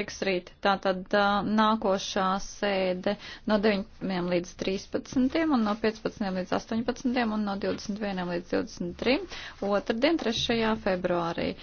tiks rīt. Tātad nākošā sēde no 9 līdz 13 un no 15 līdz 18 un no 21 līdz 23. Otradien 3. februārī.